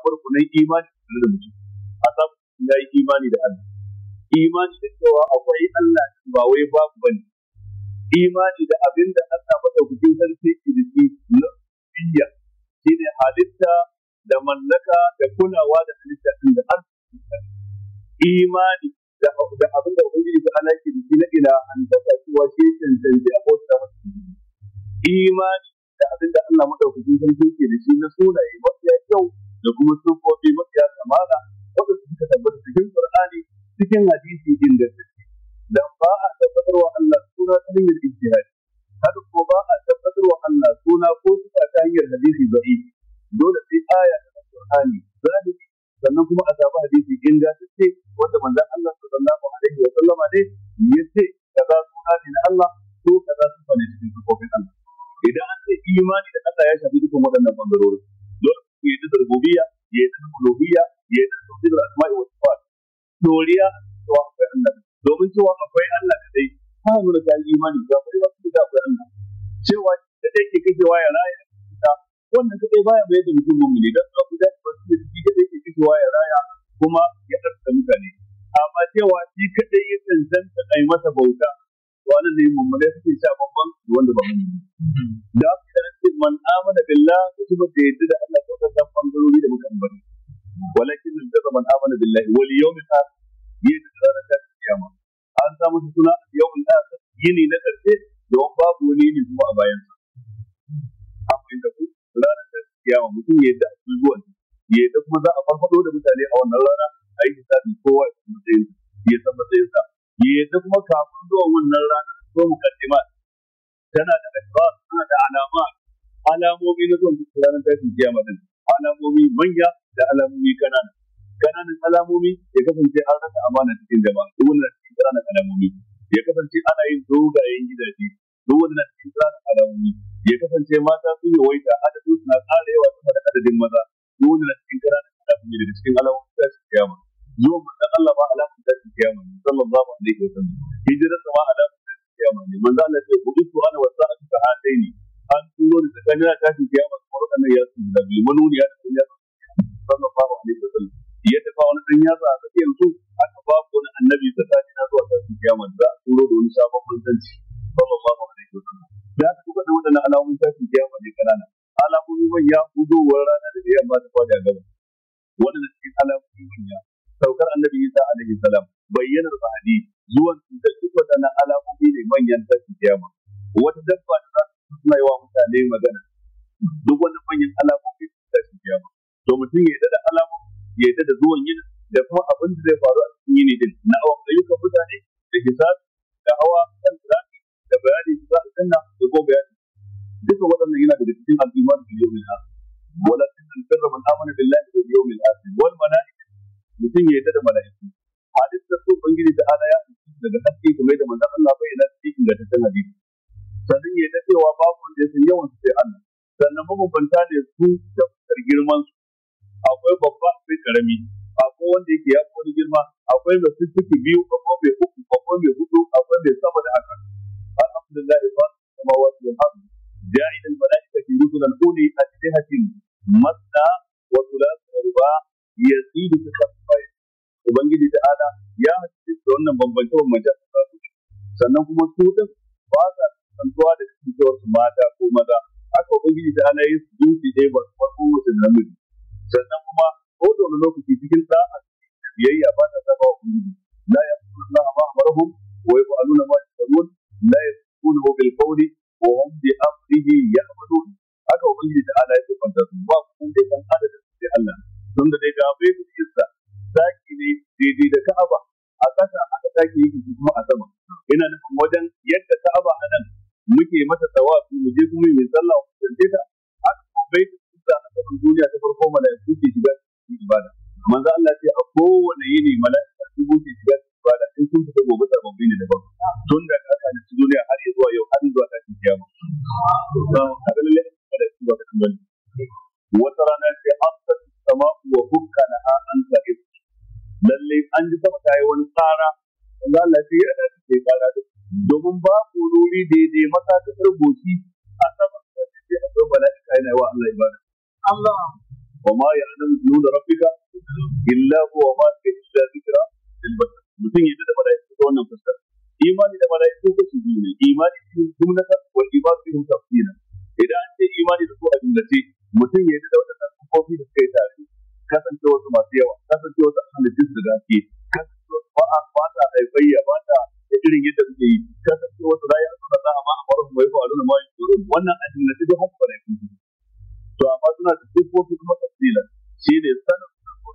zaɓar na imani tare da mutum a samu ya yi imani da Allah imani da cewa akwai Allah ba wai babu bane imani da abin da Allah madaukakin sarki ke da shi lafiya shine halitta da mallaka da kulawa da halitta din da Allah imani da abin da yi ta ala ke da shi na ila an dafa cewa shi cancanci a bauta masa imani da abin da Allah madaukakin sarki ke da shi na sunaye mafiya kyau da kuma sufofi mafiya kamala wanda suka tabbata cikin Qur'ani cikin hadisi ingantacce dan ba a tabbatar wa Allah suna ta hanyar ijtihad haka ko ba a tabbatar wa Allah suna ko suka ta hanyar hadisi dole sai aya ta Qur'ani zahiri sannan kuma a samu hadisi ingantacce wanda manzon Allah sallallahu alaihi wa sallama ne yace kaza suna ne na Allah ko kaza suna ne cikin sufofin Allah idan an ce imani da Allah ya shafi dukkan waɗannan bangarorin rububiyya ya yi da kulubiyya ya yadda da tauhidul asma'i wa sifat doriya cewa akwai Allah domin cewa akwai Allah kadai ba mu da imani ba kai ba su da akwai Allah cewa da dai ke kashewa waya raya ta wannan kadai baya mai da mutum mu ne da abu da ba su da shi kadai ke kashewa ya raya kuma ya tsarkake mutane amma cewa shi kadai ya tantance ai masa bauta kuma kafin zuwa wannan rana ko mukaddima tana da asbab tana da alama alamomi na zuwan duk ranar tashin kiyama din alamomi manya da alamomi kanana kananan alamomi ya kasance an rasa amana cikin jama'a duk wannan cikin kananan alamomi ya kasance ana yin dogayen gidaje duk wannan cikin kananan alamomi ya kasance mata sun yawaita adadin suna ƙara yawa sama da adadin maza duk wannan cikin kananan alamomi daga cikin alamomi tashin kiyama zuwan manzon Allah ba alamomi kiyama ne sallallahu alaihi wa sallam hijira ma alama tashin kiyama ne manzo Allah ce ku duk ana wasa a cikin hadaini an turo da tsakanin a tashin kiyama kamar wannan ya su da bi manuniya da sun yasa sallallahu alaihi wa sallam ya tafa wani dan sa a yanzu su aka ba ku wani annabi tsakanin na zuwa tashin kiyama da a turo da wani sabon manzanci sallallahu alaihi wa sallam da aka kuka da waɗannan alamun tashin kiyama ne kanana alamomi manya hudowar rana da yamma ta fada gaba waɗanda cikin alamomi manya saukar annabi Isa alaihi salam bayyanar bahadi zuwan da duk waɗannan alamomi ne manyan tashin kiyama wata dabba da za su suna yi mutane magana duk wani manyan alamomi ne tashin kiyama to mutum ya da alamomi ya yarda da zuwan yini da kuma abin da zai faru a cikin yini din na awan ayyukan mutane da hisabi da hawa kan tsirani da bayani da za a danna da ko bayani duka waɗannan yana daga cikin al'umma da yau min wala tin al-birra man amana billahi wal yawmil akhir wal malaikati mutum ya yarda da malaikati sun tabbatar girman su akwai babba akwai karami akwai wanda yake ya kone girma akwai mai sissuki biyu akwai mai uku akwai mai hudu akwai mai sama da haka alhamdulillah ba kama wasu ya haɗu جاعل الملائكة رسلا أولي أجنحة مثنى وثلاث ورباع يزيد في خلق Ubangiji ta'ala ya haɗu da wannan bambance bambance a sannan kuma su بأمره يعملون haka ubangiji ga kaga lalle kada shi ba ta kan bane wata rana sai afsat as-sama'u wa hukkana an sa'id lalle an ji sama ta yi wani tsara wanda Allah sai ya da take tsara da domin ba ku ruri daidai mata ta rubuci a sama sai a ga mala'ika yana wa Allah ibada Allah وما يعلم جنود ربك إلا هو ما إلا ذكرى للبشر mutum ya da mala'iku ta wannan fuskar imani da mala'iku ko su biyu ne imani cikin jumlata wal ibadu cikin tafsira sunnati mutum ya yi da waɗannan kofi da suka yi tare kasance wasu masu yawa kasance wasu halittun da gaske kasance wasu ba ba ta ya ba ta irin yadda suke yi kasance wasu rayu a suna za a ma a faru mai ko a nuna ma tsoro wannan a cikin nasi haka ba laifin to amma suna da sifofi kuma tafsilan shi ne sanin su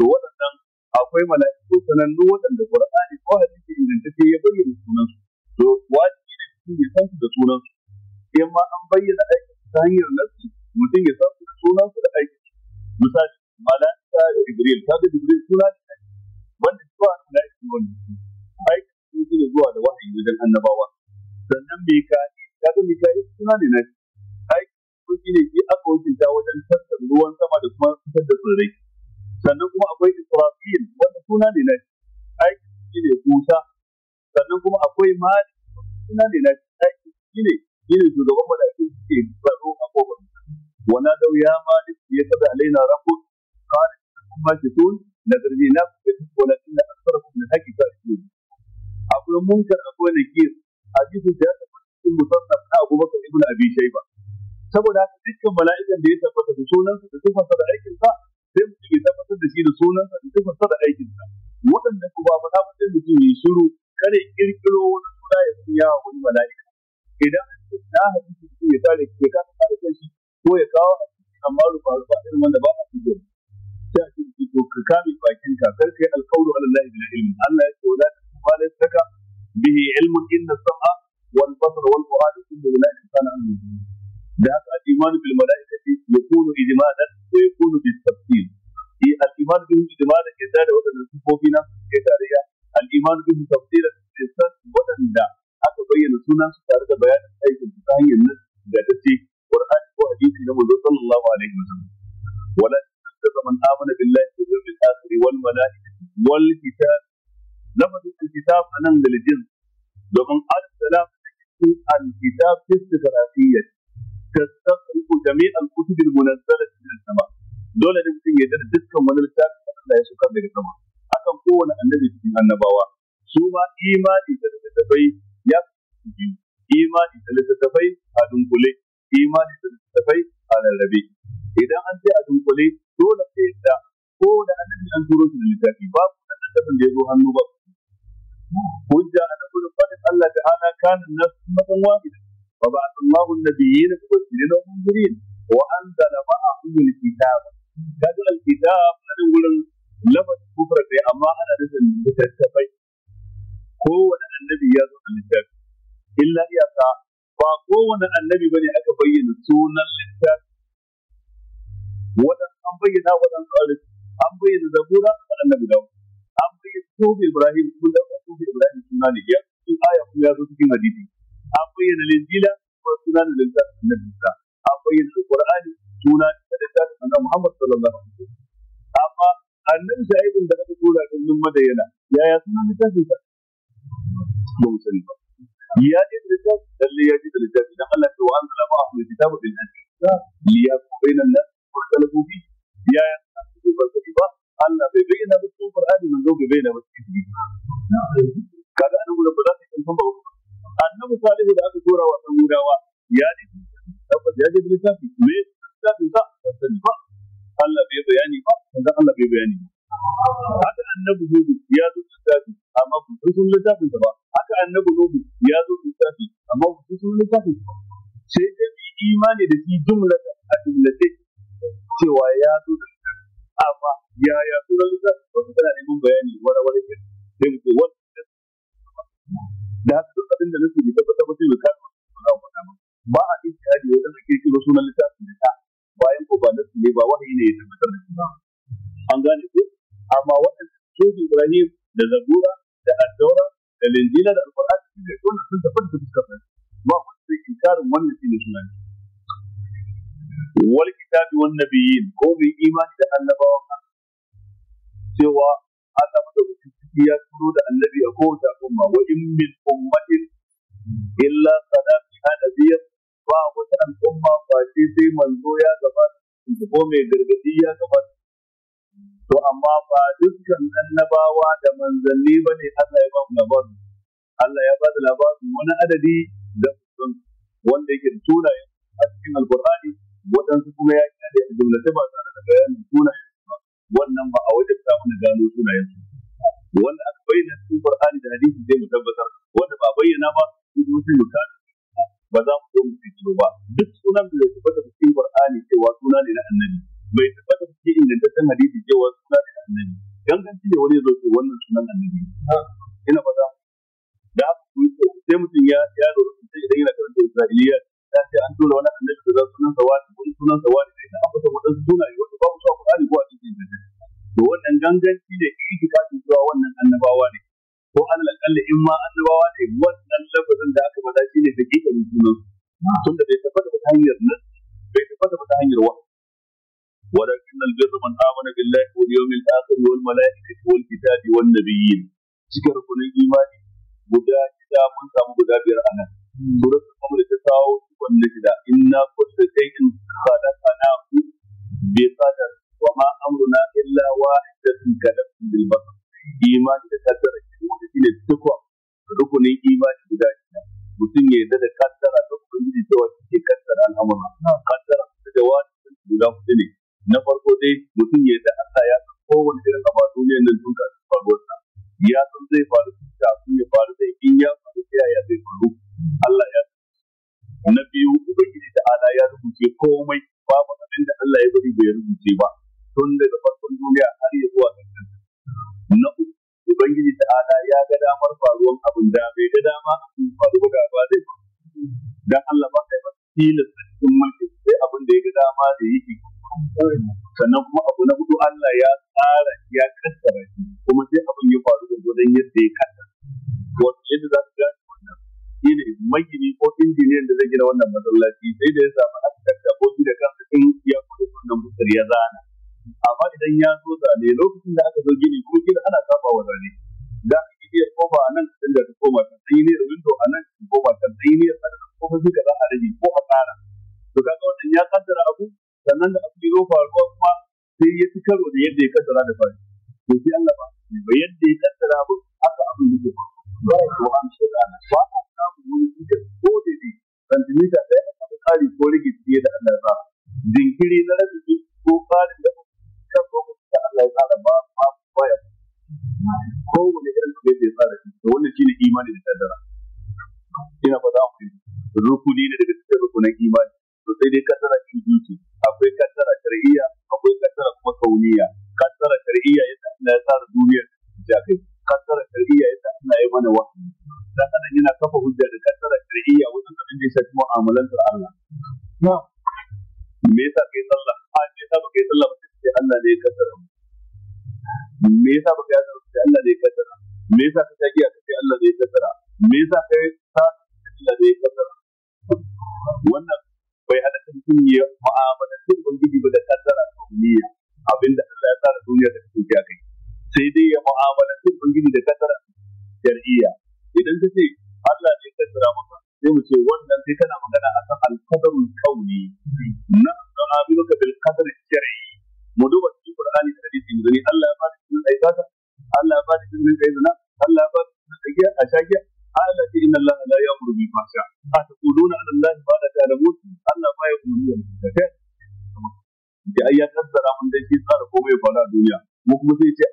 to waɗannan akwai mala'iku sanannu waɗanda qur'ani ko hadisi ingantacce ya bayyana sunansu to wajibi ne mutum ya san su da sunansu in ma an bayyana aiki. ta hanyar nafsi mutum ya samu sunan su da aiki misali malaka da jibril ta da jibril suna da ne wanda zuwa da aiki wanda aiki sun zuwa zuwa da wahayi wajen annabawa sannan mika'il ta ga mika'il suna ne na aiki sun shi ne shi aka wakilta wajen tattar ruwan sama da kuma fitar da tsirrai sannan kuma akwai israfil wanda suna da na aiki shi ne kusa sannan kuma akwai mali suna da na aiki shi ne shi ne shugaban mala'iku suke tsaro a kofar wana dau ya malik ya kada alaina rabbuk qala na majidun nadirina walakin aktharakum min hakki ta'tun akwai munkar akwai nakir hadisi da ya tabbata cikin musannaf na Abu Bakar ibn Abi Shayba saboda haka dukkan mala'ikan da ya tabbata da sunansa da sifarsa da aikinsa sai mutum ya tabbatar da shi da sunansa da sifarsa da aikinsa waɗanda ku ba faɗa mutum mutum yi shiru kada ya kirkiro wani suna ya sanya wa wani mala'ika idan na haɗu ya tare ya kasa tare da shi ko ya kawo a cikin amma rufa rufa irin wanda ba a cikin ta cikin to ka kame bakin ka kar kai alqawlu ala allahi bil ilmi allah ya ce wala tuqala saka bihi ilmu inna sam'a wal basara wal fuada kullu ulaika kana an da haka al-iman bil malaikati yakunu ijmadan wa yakunu bil tafsir الإيمان به اجتماعا كذا وتن سفوفنا كذا الإيمان به تفسيرا كذا وتن دا أكا بيّن سنة سكارة بيان أي كنتان ينس hadisi na manzo sallallahu alaihi wasallam wala tasaba man amana billahi wal yawmil akhir wal malaikati wal kitab anan da lijin domin al-salam الكتاب استغراقيا تستغرق جميع الكتب المنزلة من sama. dole ne mutum ya dada dukkan wani littafi da Allah ya saukar daga sama akan kowane annabi cikin annabawa su ma imani da littattafai ya imani da littattafai a dunkule imani da littattafai a rarrabe idan an ce a dunkule dole ka yadda ko da annabi an turo shi da littafi babu da annabin da ya zo hannu ba hujja ana gudun fadin Allah ana kana nasu matan wahida fa ba Allahu an-nabiyyin mubashirin wa mundirin wa anzala ma'ahum al-kitaba kaga al-kitab nan gurin lafaz kufra dai amma ana da nufin ko wani annabi ya zo da littafi illa iyaka kowane annabi bane aka bayyana sunan littafi wadan an bayyana wadan alif an bayyana zabura da annabi dawo an bayyana tobe ibrahim kun da tobe ibrahim suna ne ya in aya kuma ya zo cikin hadisi an bayyana linjila ko suna ne littafi na bisa an bayyana alqur'ani suna da littafi na muhammad sallallahu alaihi wasallam amma annabi sa'idin da aka tura din madayana yaya sunan littafin sa ba mu sani ba ya ce littafi اللي يجد لذاته نقل له ان لم اعطي الكتاب من اجل الكتاب ليكون بين الناس واختلفوا فيه يا يقول الكتاب ان في بين بالصوم القران من ذوق بين بالكتاب كذا انا اقول بدات انهم بغضوا انهم صالحوا ذات كورا وسمودا و يعني يجد لذاته ويكتب لذاته قال في بياني ما قال في بياني هذا النبي هو يا ذو الكتاب اما في رسول الله صلى الله عليه وسلم هذا النبي هو cikin littafin sai ta fi imani da shi jumlata a jumlace cewa ya zo da littafin amma ya ya zo da littafin wasu tana neman bayani wara wara ke sai mu ce wannan da haka duk abin da nake ne tabbata ba sai mu kama wannan wannan ba a ijtihadi wajen ake cewa sunan littafin da bayan ko ba nasu ne ba wani ne ya tabbatar da shi ba an gane ko amma waɗanda su Ibrahim da Zabura da Addaura da Linjila da Alƙur'ani da sunan sun tabbata da suka fahimta ba ku sai inkarin wannan shine sunan wal kitabi wan nabiyyin ko bi imani da annabawa ka. cewa Allah madaukakin sarki ya turo da annabi a kowace al'umma wa in min ummatin illa sadat hadiyya ba wata al'umma ba ce sai manzo ya gabata ko mai gargadi ya gabata to amma ba dukkan annabawa da manzanni bane Allah ya ba mu labarin Allah ya ba da labarin wani adadi da wanda yake da sunayen a cikin alkur'ani waɗansu kuma ya kyale a jumlace ba tare da bayanin sunayen ba wannan ba a wajen ta mana gano sunayen su wanda aka bayyana cikin qur'ani da hadisi zai mu tabbatar wanda ba bayyana ba su kuma sun yi ba za mu zo mu ciro ba duk sunan da zai tabbata cikin qur'ani cewa suna ne na annabi bai tabbata cikin ingantaccen hadisi cewa suna ne na annabi ganganci ne wani ya zo wannan sunan annabi ina ba za mu. da haka sai mutum ya ya lura jahiliya ta ce an tura wani annabi da za sunan sa wani wani sunan sa wani da an fata wadansu sunaye wanda babu su a Qur'ani ko a cikin Injil to wannan ganganci da ke kike kafin zuwa wannan annabawa ne ko alal kalli in ma annabawa ne wannan lafazin da aka faɗa ne da ke kan sunan tun da bai tabbata ba ta hanyar nan bai tabbata ba ta hanyar wa ولكن البر من آمن بالله واليوم الآخر والملائكة والكتاب والنبيين cikin rukunin imani guda shida mun samu guda biyar a zai faru kafin ya faru da in ya faru ta yaya zai faru Allah ya na biyu ubangiji ta ala ya rubuce komai babu abin da Allah ya bari bai rubuce ba tun daga farkon duniya har ya zuwa ƙarshen na uku ubangiji ta ala ya ga damar faruwar abin da bai ga dama abin faru da ba zai faru dan Allah ba sai ba tilasta cikin mulki sai abin da ya ga dama da yake sannan kuma abu na hudu Allah ya tsara ya zai kalla wato yadda za su gane wannan shi ne magini ko injiniyan da zai gina wannan masallaci sai da ya samu arkitekta ko shi da kansa in ya kudu wannan mutar ya zana amma idan ya zo zane lokacin da aka zo gini ko gina ana saba wa zane za a yi iya kofa a nan da ta koma ta tsaye da windo a nan ta koma ta tsaye a nan kofa shi za a rage ko a tsara to kaga wannan ya kaddara abu sannan da abu ya zo faruwa kuma sai ya fi karo da yadda ya kaddara da fari to sai Allah ba yadda ya kaddara abu haka abin da ke ba ya ko an shi rana ba a samun wani gida ko da ne santimita ɗaya a samu ƙari ko rage fiye da Allah ba jinkiri na rage ko ƙarin da kan lokacin da Allah ya tsara ba ba ba ya wani irin su da ya tsara shi to wannan ne imani da kaddara ina ba za a kuma rukuni ne daga cikin rukunan imani to sai dai kaddara shi duki akwai kaddara shar'iyya akwai kaddara kuma kauniya kaddara shar'iyya yadda Allah ya tsara mu'amalantar Allah me yasa kai sallah a me yasa baka yi sallah ba sai Allah ne ya kaddara me yasa baka yi sallah sai Allah ne ya kaddara me yasa ka tagiya sai Allah ne ya kaddara me yasa Allah ne ya kaddara wannan bai hada kan mutum a ta kudu na Allah ba da talabun Allah ba ya kudu da mutum da kai. Da ayyakan tsara mun da shi tsara ko duniya. Mu kuma sai ce